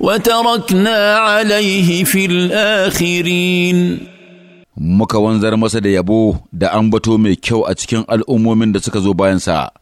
وتركنا عليه في الآخرين muka wanzar masa da yabo da ambato mai kyau a cikin al'ummomin da suka zo bayansa.